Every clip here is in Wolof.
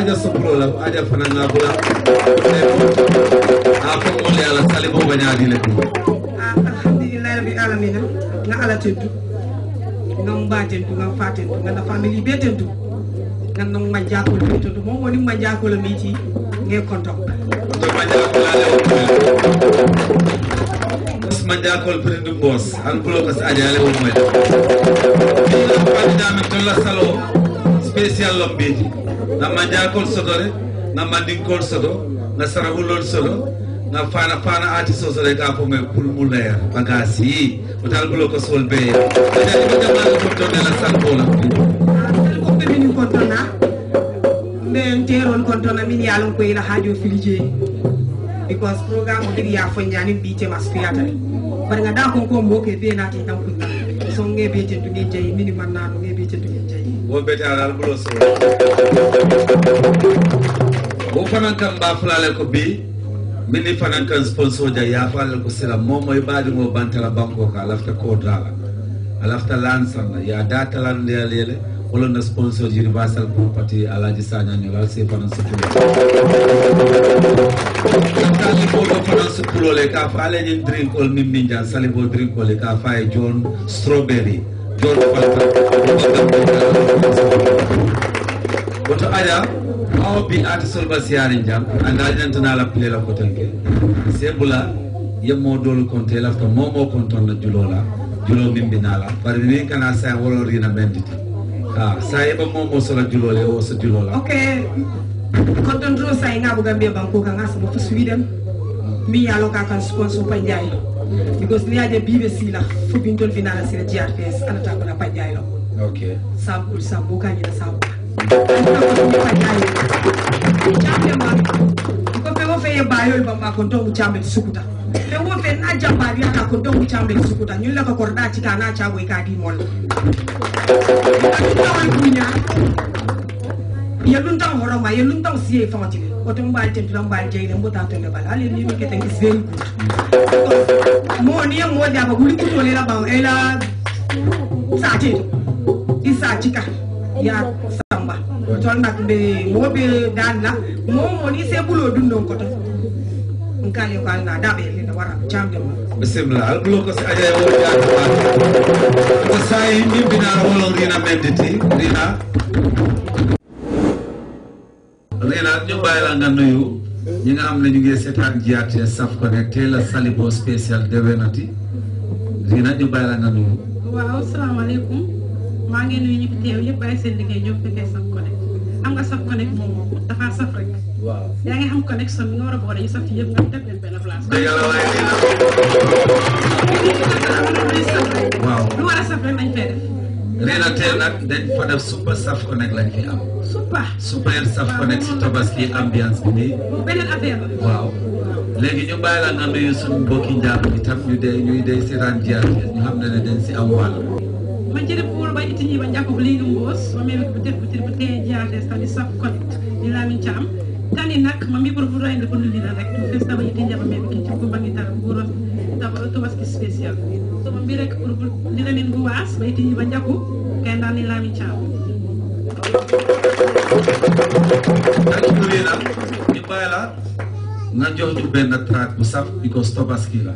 haja sopulola ko haja fanan a fomole ala sali bo bañadile ɗum ah, alhamdulillahi rabbil alamina nga ala tentu non mba tentu nga fa tentu ganda famille be tentu ganndo majjakol be tentu moom woni majjakol mi ci nge kontok manjakol prendu boss an blokas adiale wo moyɗa ɗina famidamen nammanjakol sodore nammandinkol sodo nasara hullol sodo na fana fana ati sosore ka fome pour muleer bagasi o tal gulo ko sol be peut-être ko jamal ko to de la sankola ko be min ko tona men teron ko tona min yalon ko ila hajo filije because programme o diri ya fo nyani bi te mas fiyata bar nga da ko ko mboke be na te tan kunna so nge be te dugen jayi mini man na no nge be te dugen woɓɓete alal ɓulo sura wo fanan kam mba fulale ko bi mini fanan kan sponsor ja yafalale ko sira momoye ɓaɗimo bantala banko ka alafta kodala alafta lansanna ya datalandeyal yele wolonda sponsor universal property alaji sañañol al se fanan sutulo kantali koɗo fanan sutulole ka fa aleñin drinkol min min jan salibo drinkole ka fa e jon strawberry woto ada awo bi ata solba siyari jam andajantana la pile la koten ke sebula yemmo dolu konte lafta momo konton na julola julo mimbinala bari ni kana sa woro rina benditi ah sa yeba momo sola julole o oh, so julola okay konton dro sa inga bugambia banko kanga sa mo fusuidem mi yalo ka kan sponsor pa nyaay because ni ade bibe sila fu bindol a sila GRPS anata kuna panyayo okay sabu sabu kanyi na sabu panyayo a ma ko pe wo fe ye bayol ba ma ko to chambe sukuta pe wo fe na jambari aka ko to chambe sukuta nyulla ko korda tika na chago ikadi mol ka tawal kunya yelun taw horoma yelun taw siye fantile otombalitentulambaljeile mbotatole bala aleniemikete ngi very good moniye modi aba kulikutolela ba ela sateto isatika ya samba tolnak ɓe moɓe danna mo moni se ɓulo ɗum ɗon koto nkali ko alna daɓele ne wara camɗe mo bisimilla alɓulo ko si adia wo jaato ɓa ko sa yimɓi mbinara wolon rina menditi rina bàyyi la nga nuyu ñi nga xam ne ñu ngi seetaan GRTS SAF Connect tey la Salibo spécial déwénati Rina ñu bàyyi la nga nuyu. waaw salaamaaleykum maa ngi nuyu ñi yëpp bàyyi seen liggéey ñoom fekkee SAF Connect am nga SAF Connect moom moom dafa saf rek. yaa ngi am connexion bi nga war a boole ñu war a saf rek nañ fay def. nee na teel nag dañ fa def super saf connect lañ fi am. super super saf connect si tabaski ambiance bi nii. beneen affaire la. waaw léegi ñu bàyyi la nga nuyu suñu mbokki njaaru bi tam ñu dee ñuy dee seetaan jaar ñu xam ne ne dañ si am wàll. man jërëjëf Poul ba itti ñi ba njàpp bu léegi Mbos ma meewee bu def bu tëj bu tee jaar des connect ñu laa min ci am. kan nag ma mii pour bu ko nuyu na rek mu fees sama itti njàpp meewee ci ko ba ngi dara bu spécial sama mbir ak groupe ni la min bu waas bay tiñu ba jaku kenn dal ni la min ciam alhamdulillah ni bayla nga jox ñu bu saf la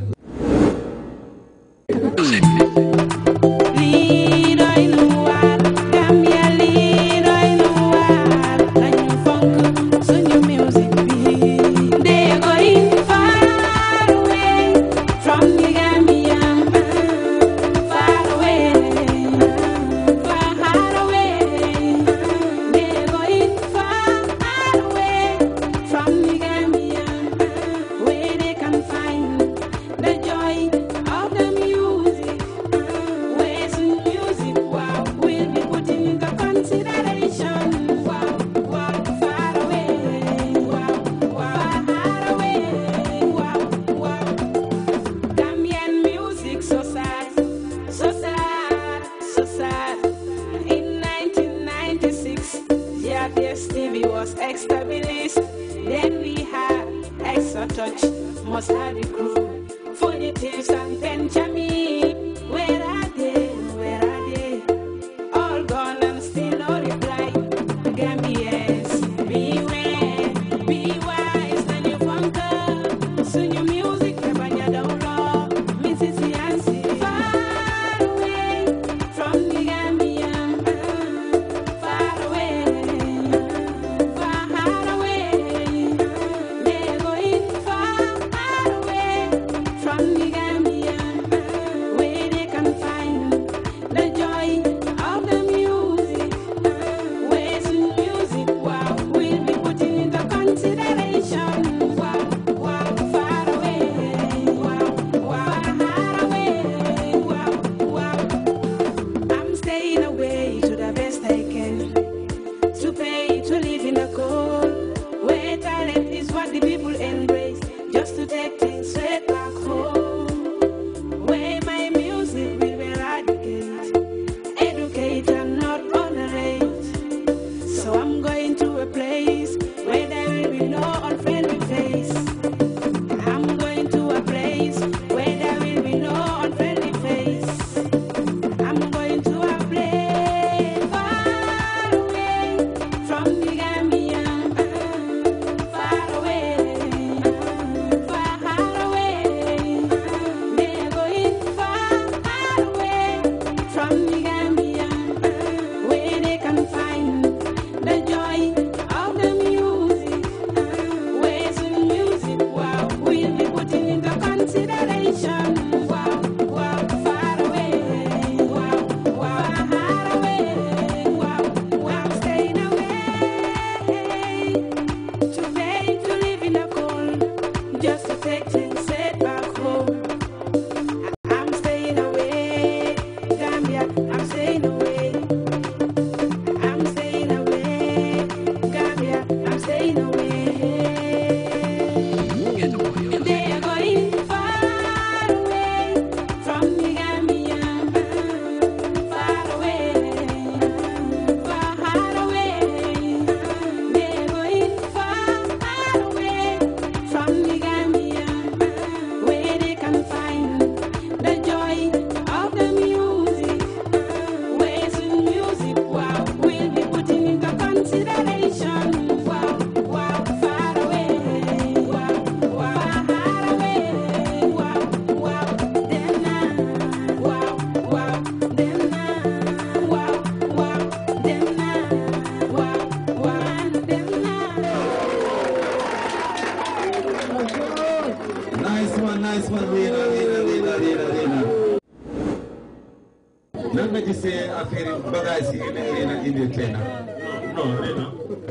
affaire yi a indil tey nag.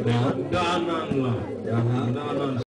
non non non.